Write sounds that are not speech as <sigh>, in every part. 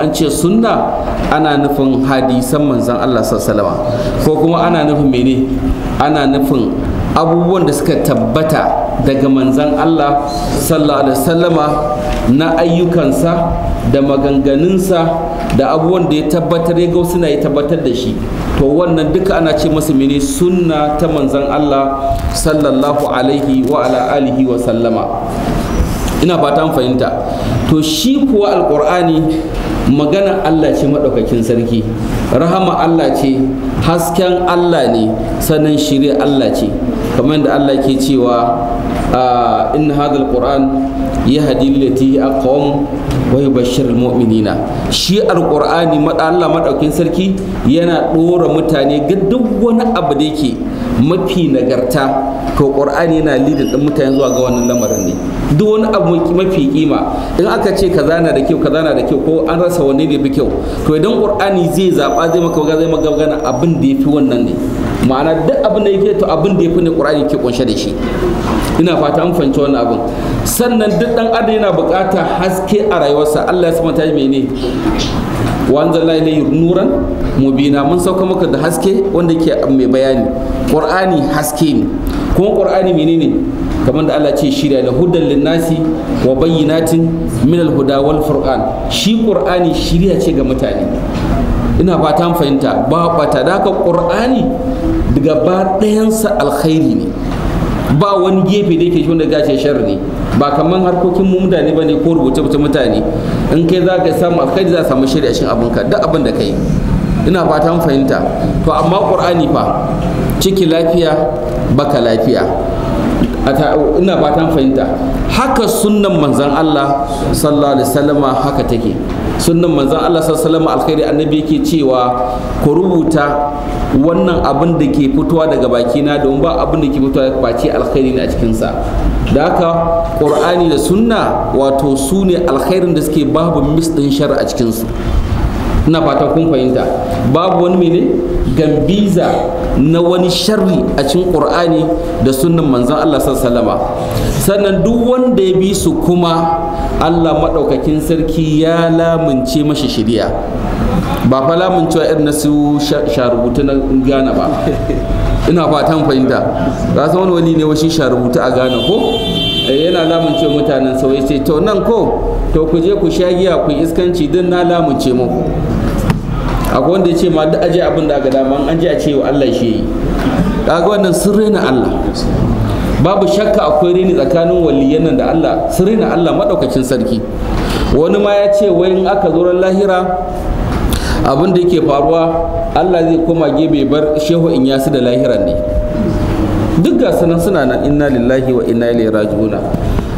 an ce sunna ana nufin hadisan manzan Allah sallama ko kuma ana nufin mene ana nufin abubuwan da suka tabbata daga manzan Allah sallallahu alaihi sallama na ayyukansa da maganganunsa da abubuwan da ya tabbatar ya na ya tabbatar da shi to wannan duka ana ce masa mene sunna ta manzan Allah sallallahu alaihi wa ala alihi wa sallama ina fatan fahimta to shi kuwa Alƙur'ani. magana Allah ce maɗaukakin sarki rahama Allah ce hasken Allah ne sannan shirya Allah ce kamar da Allah ke cewa ah, inna hadal qur'an yahdi a aqwam wa yubashshir almu'minina shi alqur'ani Allah madaukin sarki yana ɗora mutane ga duk wani abu da yake mafi nagarta ko qur'ani yana lidin mutane zuwa ga wannan lamarin ne duk wani abu mafi kima in aka ce ka na da kyau ka na da kyau ko an rasa wanne ne fi kyau to idan qur'ani zai zaba zai maka zai maka gana abin da yafi wannan ne ma'ana duk abin da yake to abin da yafi ne qur'ani ke kunshe da shi ina fata an fahimci wannan abin sannan duk dan adam yana bukata haske a rayuwarsa Allah ya subhanahu wa ta'ala mene wa anzalna ilayhi nuran mubina mun sauka maka da haske wanda ke mai bayani qur'ani haske ne kuma qur'ani menene kamar da Allah ce shirya da hudan linnasi wa bayyinatin min alhuda wal furqan shi qur'ani shirya ce ga mutane ina fata fahimta ba bata da haka qur'ani daga ba ɗayansa alkhairi ne ba wani gefe da yake shi wanda gashi ba kaman harkokin mu mutane ne ko rubuce rubuce mutane in kai za ka samu kai za ka samu shari'a shin abun ka duk abin da kai ina fata fatan fahimta to amma qur'ani fa ciki lafiya baka lafiya ina fatan fahimta haka sunan manzan Allah sallallahu alaihi wasallam haka take sunan manzan Allah sallallahu alaihi wasallam alkhairi annabi yake cewa ku rubuta wannan abin da ke fitowa daga bakina domin ba abin da ke fitowa daga baki alkhairi ne a cikinsa da haka qur'ani da sunna wato su ne alkhairin da suke babu mis ɗin shara a cikinsu ina fatan kun fahimta babu wani mene gambiza na wani sharri a cikin qur'ani da sunnan manzon Allah sallallahu sannan duk wanda ya bi su kuma Allah madaukakin sarki ya lamunce mashi shari'a ba fa lamuncewa irin na su sharubutu na Ghana ba ina fatan fahimta ga san wani wani ne washi sharubutu a Ghana ko eh, yana lamunce mutanen sauye ce to nan ko to ku je ku sha giya ku iskanci din na lamunce muku akwai wanda ya ce ma duk aje abin da aka dama an aje a ce wa Allah shi yi kaga wannan sirri na Allah babu shakka akwai rini tsakanin waliyan nan da Allah Sirri na Allah madaukakin sarki wani ma ya ce wai in aka zo ran lahira abin da yake faruwa Allah zai koma gebe bar shehu in yasu da lahiran ne duk ga sanan suna nan inna lillahi wa inna ilaihi raji'una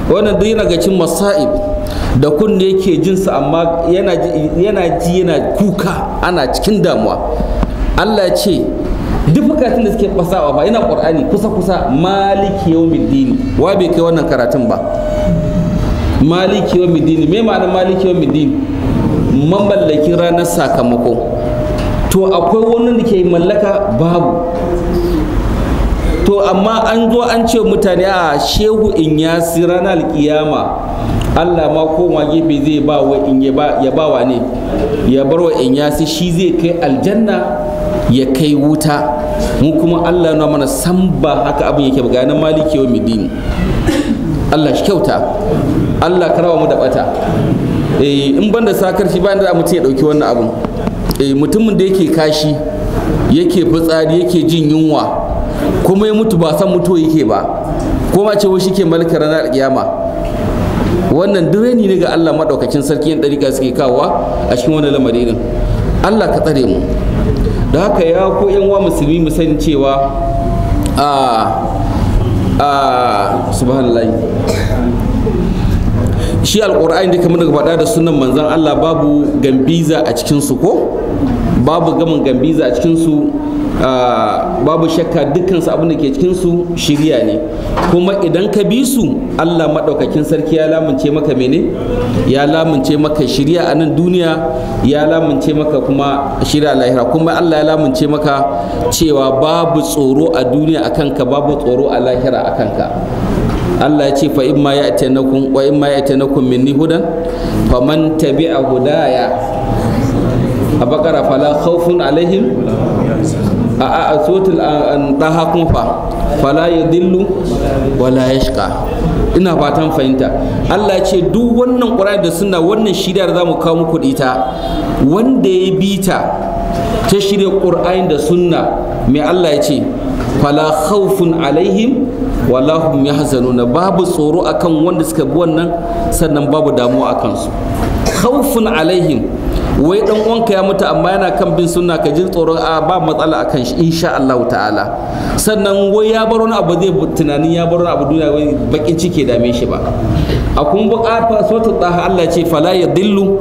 wannan duk yana ga cin masa'ib da kunne yake jinsa amma yana ji yana kuka ana cikin damuwa Allah ya ce duk bukatun da suke fasawa ba yana qur'ani kusa kusa maliki yawmid dini wa bai kai wannan karatun ba maliki yawmid dini me ma'anar maliki yawmid dini mamallakin ranar sakamako to akwai wani da ke mallaka babu to amma an zo an ce mutane a shehu in ya si ranar alkiyama Allah ma koma gefe zai ba wa in ya ba wa ne ya bar wa in ya si shi zai kai aljanna ya kai wuta mu kuma Allah na mana san ba haka abin yake ba ganin maliki yau midin Allah shi kyauta Allah karawa mu da bata eh, in ban da sakar shi bayan da mu ce ya dauki wannan abin eh, mutumin da yake kashi yake fitsari yake jin yunwa kuma ya mutu ba san mutuwa yake ba kuma ce shi ke malaka ranar kiyama wannan direni ne ga Allah madaukakin sarki yan dariƙa suke kawowa a cikin wannan lamari din Allah ka tsare mu da haka ya ko yan wa musulmi mu sani cewa a a subhanallahi shi alqur'ani da kamar da faɗa da sunan manzon Allah babu gambiza a cikin su ko babu gamin gambiza a cikin su Ah, babu shakka dukkansu abin da ke cikinsu shirya ne kuma idan ka bi su allah maɗaukakin sarki ya lamunce maka mene ya lamunce maka shirya a nan duniya ya lamunce maka kuma shirya lahira kuma allah ya lamunce maka cewa babu tsoro a duniya a kanka babu tsoro a lahira a kanka Allah ya ce fa in ma ya'tanakum wa in ma ya'tanakum minni hudan faman tabi'a hudaya a bakara fala khawfun alaihim a a suratul ɗaha kuma fa fala ya dillu wala ya shika ina fatan fahimta Allah ya ce duk wannan Qur'ani da suna wannan shirya da zamu kawo muku ita wanda ya bi ta ta shirya Qur'ani da suna, mai Allah ya ce fala khawfun alaihim wala hum na babu tsoro akan wanda suka bi wannan sannan babu damuwa akan su alaihim wai dan uwanka ya mutu amma yana kan bin sunna ka ji tsoron a ba matsala akan shi insha Allah ta'ala sannan wai ya bar wani abu zai tunanin ya bar wani abu duniya wai bakin ciki dame shi ba a kun bukata ta tsaha Allah ce fala ya dillu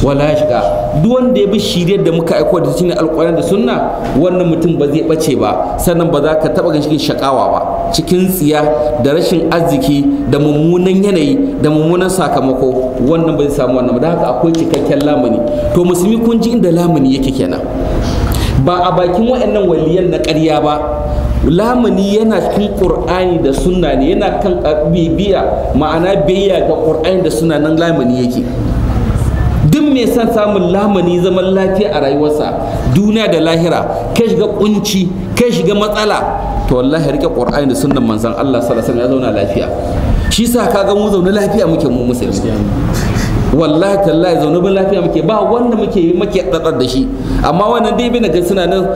wala yashqa duk wanda ya bi shiriyar da muka aiko da cikin alƙur'ani da sunna wannan mutum ba zai bace ba sannan ba za ka taba ganin shakawa ba cikin tsiya da rashin arziki da mummunan yanayi da mummunan sakamako wannan bai samu wannan da haka akwai cikakken lamuni to musulmi kun ji inda lamuni yake kenan ba a bakin waɗannan waliyan na ƙarya ba lamuni yana cikin ƙur'ani da suna ne yana kan bibiya ma'ana biyayya ga ƙur'ani da sunna nan lamuni yake duk mai son samun lamuni zaman lafiya a rayuwarsa duniya da lahira kai shiga kunci kai shiga matsala to wallahi rike qur'ani da sunnan manzon Allah sallallahu alaihi wasallam ya zauna lafiya shi sa kaga mu zaune lafiya muke mu musulmi wallahi tallahi zaune bin lafiya muke ba wanda muke yi muke tsatsar da shi amma wannan dai bin ga suna nan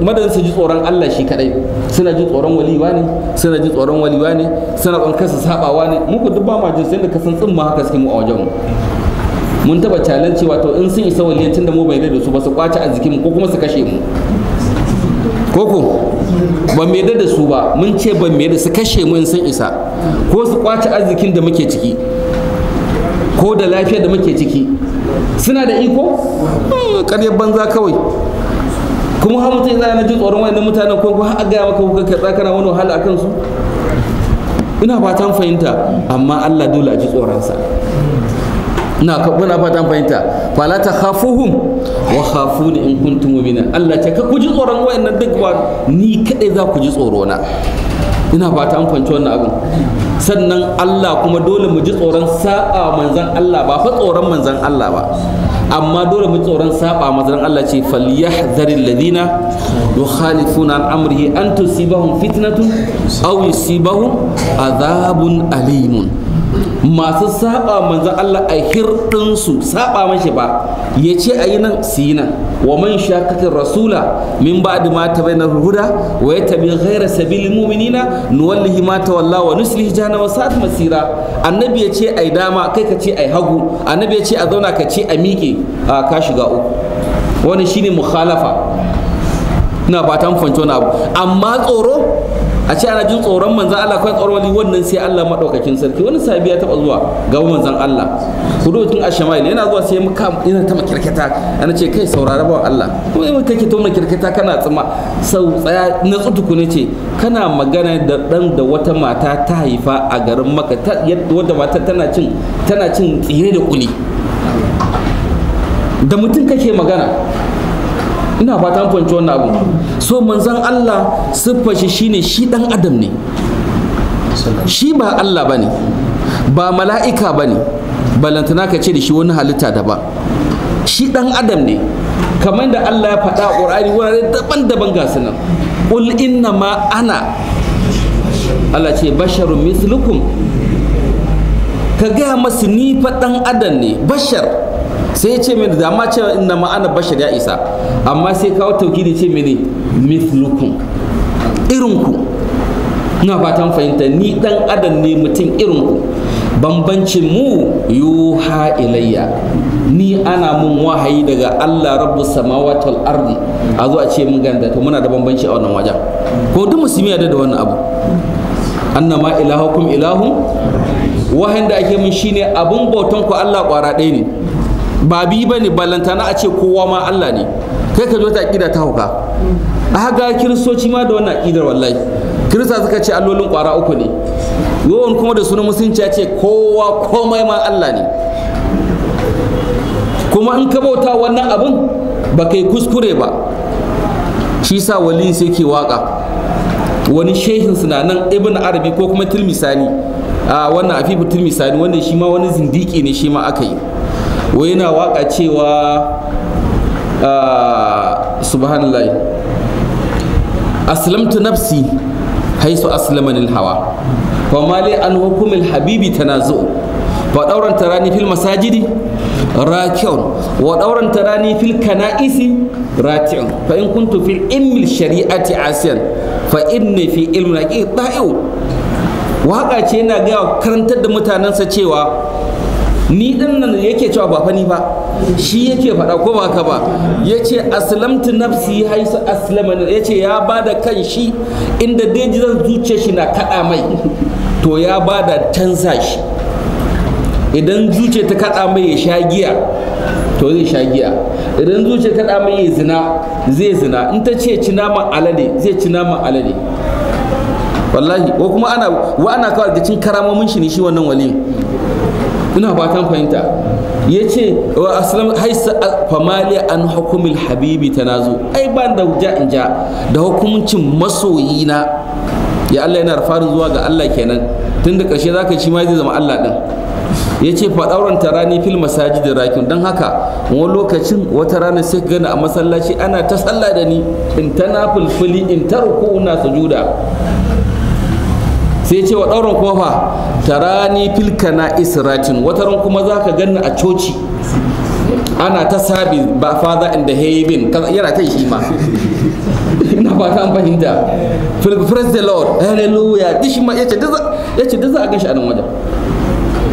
madan su ji tsoron Allah shi kadai suna ji tsoron waliwa ne suna ji tsoron waliwa ne suna tsoron kasa sabawa ne Muku duk ba ma jin sai da kasan tsin ma haka suke mu a wajen mu mun taba challenge wato in sun isa waliyan tunda mu bai da su ba su kwace jikin mu ko kuma su kashe mu koko ba mai da su ba mun ce ba mai da su kashe mun san isa ko su kwace arzikin da muke ciki ko da lafiyar da muke ciki suna da iko hmm, ƙaryar banza kawai kuma har mutum yana jin tsoron wani mutanen ko har aga maka kuka ka tsakana wani wahala a kansu ina fatan fahimta amma Allah dole a ji tsoronsa ina fatan fahimta fala ta khafuhum wa khafu ni in kuntum mu'minin Allah ce ka ku ji tsoron wayannan duk ba ni kadai za ku ji tsoro na ina fata an fahimci wannan abin sannan Allah kuma dole mu ji tsoron sa'a manzan Allah ba fa tsoron manzan Allah ba amma dole mu ji tsoron saba manzon Allah ce falyahdharil ladina yukhalifuna an amrihi an tusibahum fitnatun aw yusibahum adhabun alimun masu saba manzan Allah a hirɗinsu saba mashi ba ya ce a yi nan su yi nan wa man shakatin rasula min ba da mata bai na huda wa ya tabi ghaira sabilin muminina nuwallihi ma walla wa nuslihi jahannama wa sa'at masira annabi ya ce a yi dama kai ka ce a yi hagu annabi ya ce a zauna ka ce a miƙe ka shiga uku wani shine mukhalafa ina fatan fanci na abu amma tsoro a ce ana jin tsoron manzan Allah kai tsoron wani wannan sai Allah madaukakin sarki wani sabi ya taba zuwa ga manzan Allah hudutun ne yana zuwa sai muka yana ta makirkata ana ce kai saurara ba Allah ko in kake ta makirkata kana tsima sau tsaya na tsutuku ne ce kana magana da dan da wata mata ta haifa a garin maka. Wata mata tana cin tana cin tsire da kuli da mutum kake magana ina fata an fahimci wannan abu so manzon Allah siffar shi shine shi dan adam ne shi ba Allah bane ba mala'ika bane balantana ka ce da shi wani halitta ba shi dan adam ne kamar da Allah ya faɗa a Qur'ani wurare daban-daban ga su nan inna ma ana Allah ce basharun mislukum ka gaya masu ni fa dan adam ne bashar sai ya ce mini da amma cewa inna ma'ana bashar ya isa amma sai kawo tauki ce mini mithlukum irinku ina fatan fahimta ni dan adam ne mutum irinku bambancin mu yuha ilayya ni ana mun wahayi daga Allah rabbu samawati ardi a zo ce mun ganda to muna da bambanci a wannan wajen ko duk musulmi ya da wannan abu annama ilahukum ilahu wahayin da ake mun shine abun bautan ku Allah kwara ɗaya ne ba bi ba ne ballantana a ce kowa ma Allah ne kai ka zo ta aƙida ta hauka a haka kiristoci ma da wannan aƙidar wallahi kirista suka ce allolin ƙwara uku ne yawan kuma da sunan musulunci ya ce kowa komai ma Allah ne kuma in ka bauta wannan abin ba kai kuskure ba shi sa wali sai ke waka wani shehin suna nan ibn arabi ko kuma tilmisani a wannan afifu tilmisani wanda shi ma wani zindiki ne shi ma aka yi wai yana waka cewa ah, subhanallah aslamtu nafsi haisu aslamanil hawa fa mali an hukumil habibi tanazu fa dauran tarani fil masajidi raki'un wa dauran tarani fil kana'isi raki'un fa in kuntu fil ilmi shari'ati asiyan fa inni fi ilmi da'iu waka ce yana ga karantar da mutanansa cewa ni din nan yake cewa ba fani ba shi yake faɗa ko ba ka ba ya ce aslamtu nafsi haisu aslama ya ce ya ba da kan shi inda dai zan zuce shi na kaɗa mai to ya ba da canza shi idan zuce ta kaɗa mai ya sha giya to zai sha giya idan zuce ta kaɗa mai ya zina zai zina in ta ce ci naman alade zai cina ma alade wallahi ko kuma ana wa ana kawai da cin karamomin shi ne shi wannan wali. kuna fatan fahimta ya ce wa aslam haisa famaliya an hukumil habibi ta nazo ai ban da ja in ja da hukuncin masoyina ya Allah yana farin zuwa ga Allah kenan tun da ƙarshe zaka shi ma zai zama Allah din ya ce faɗauran rani fil rakin don haka wani lokacin wata rana sai gani a masallaci ana ta sallah da ni in ta fulfuli in ta ruku ina sujuda sai ce wa ɗaurin kofa tarani filka na isratin wataran kuma za ka gani a coci ana ta sabi ba father in the heaven yana ta shi ma <laughs> ina ba ta fahimta praise the lord hallelujah duk shi ma ce duk za a gashi a nan wajen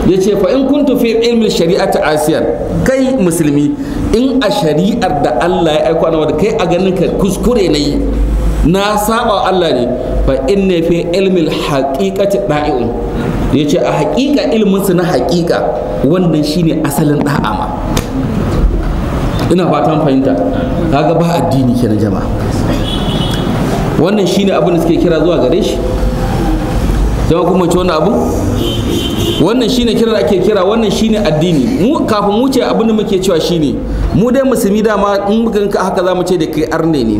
ya ce fa in kuntu fi ilmin ta asiyar kai musulmi in a shari'ar da Allah ya aiko na kai a ganin ka kuskure na yi na saba Allah ne fa inna fi ilmil haqiqati da'iun yace a haƙiƙa ilmin su na haƙiƙa wannan shine asalin ɗa'ama. ina fatan fahimta kaga ba addini kenan jama'a wannan shine abin da suke kira zuwa gare shi jama'a kuma ce wannan abin wannan shine kiran ake kira wannan shine addini mu kafin mu ce abin da muke cewa shine mu dai musulmi dama in muka haka za mu ce da kai arne ne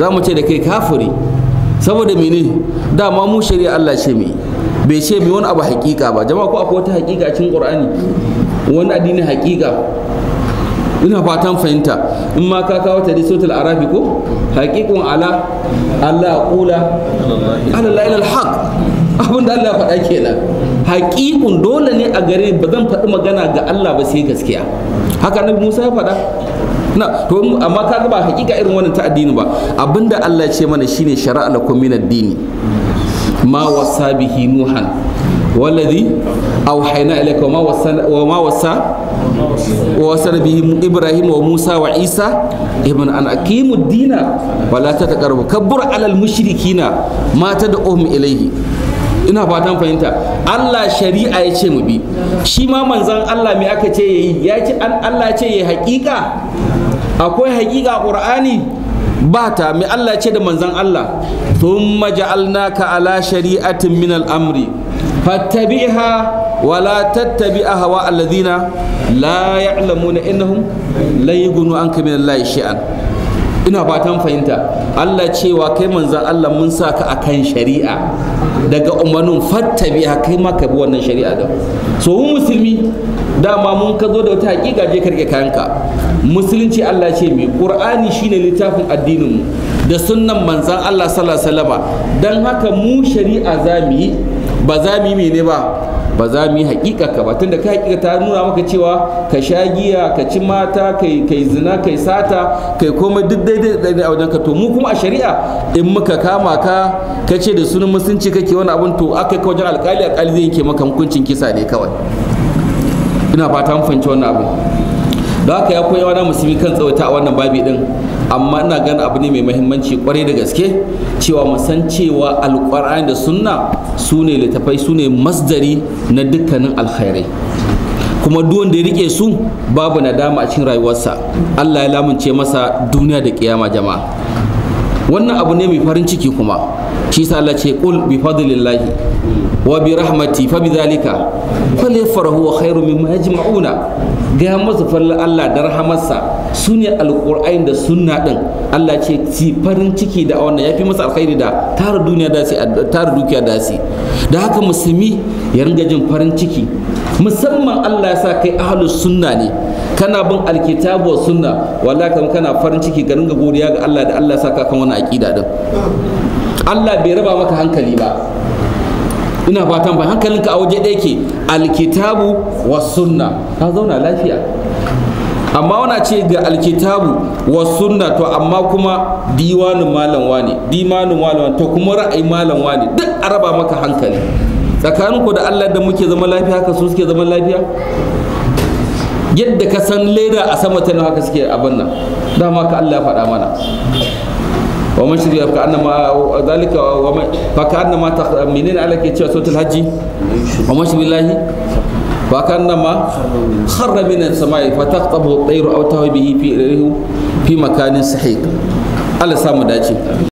za mu ce da kai kafuri saboda mene dama mu shari'a Allah ce mai bai ce mai wani abu hakika ba jama'a ko akwai wata hakika cikin qur'ani wani addini hakika ina fatan fahimta in ma ka kawo ta suratul arabi ko haqiqun ala Allah qula ala la ilal haq abin da Allah faɗa kenan haƙiƙun dole ne a gare ba zan faɗi magana ga Allah ba sai gaskiya haka nabi Musa ya faɗa na to amma kaga ba hakika irin wannan ta addini ba abinda Allah ya ce mana shine shari'a lakum min ad-dini ma wasa bihi nuhan والذي أوحينا إليك وما وصى وما وصى ووصى به إبراهيم وموسى وعيسى ابن أن أقيموا الدين ولا تتقربوا كبر على المشركين da تدعوهم إليه ina fatan fahimta Allah shari'a ya ce mu bi shi ma manzon Allah me aka ce yayi ya ce an Allah ce yayi hakika? akwai hakika ƙur'ani ba ta mai Allah ce da manzan Allah thumma ja'alnaka ala shari'atin min al-amri fattabi'ha wa la tattabi a alladhina la ya'lamuna innahum la yughnu anka min Allah shay'an ina fatan fahimta Allah cewa kai manzan Allah mun sa ka akan shari'a daga umarnin fattabi biya kai ma ka bi wannan shari'a da so mu musulmi dama mun ka zo da wata hakika je karke kayanka musulunci Allah ce mai qur'ani shine littafin addinin mu da sunnan manzan Allah sallallahu alaihi wasallama dan haka mu shari'a zamu yi ba za mu yi ne ba ba za mu yi ka ba tunda ka hakika ta nuna maka cewa ka sha giya ka ci mata kai kai zina kai sata kai komai duk daidai da wajen ka to mu kuma a shari'a in muka kama ka ka ce da sunan musunci kake wani abun to aka kai wajen alkali alkali zai yake maka hukuncin kisa ne kawai ina fata mun fahimci wannan abin da haka ya koyi wani musulmi kan tsawaita a wannan babi din amma ina ganin abu ne mai mahimmanci kwarai da gaske cewa mu san cewa alƙur'ani da sunna su ne littafai su ne masdari na dukkanin alkhairai kuma duk wanda ya rike su babu nadama a cikin rayuwarsa Allah ya lamunce masa duniya da kiyama jama'a wannan abu ne mai farin ciki kuma shi sa Allah ce qul bi fadlillahi wa bi rahmati fa bidhalika falyafrahu wa khairu mimma yajma'una ga masa fallan Allah da rahamarsa su ne alƙur'ain da sunna ɗin Allah ce ci farin ciki da wannan ya fi masa alkhairi da tara duniya da tara dukiya da su da haka musulmi ya ringa jin farin ciki musamman Allah ya sa kai ahlus sunna ne kana bin alkitabu wa sunna wallahi kana farin ciki ga ringa godiya ga Allah da Allah ya ka kan wannan aqida din Allah bai raba maka hankali ba ina fatan ba hankalinka a waje ɗaya ke alkitabu wa sunna ka zauna lafiya amma wana ce ga alkitabu wa sunna to amma kuma diwanin malam wani dimanin malam to kuma ra'ayi malam wani duk a raba maka hankali ku da Allah da muke zama lafiya haka su suke zama lafiya yadda ka san leda a sama ta haka suke abin nan dama ka Allah ya faɗa mana wa man shirya ka annama zalika wa man fa ka annama ta Allah ke cewa sautul hajji wa man shirya wa kannama kharra min as-sama'i fa taqtabu at-tayru aw tahwi bihi fi makani dace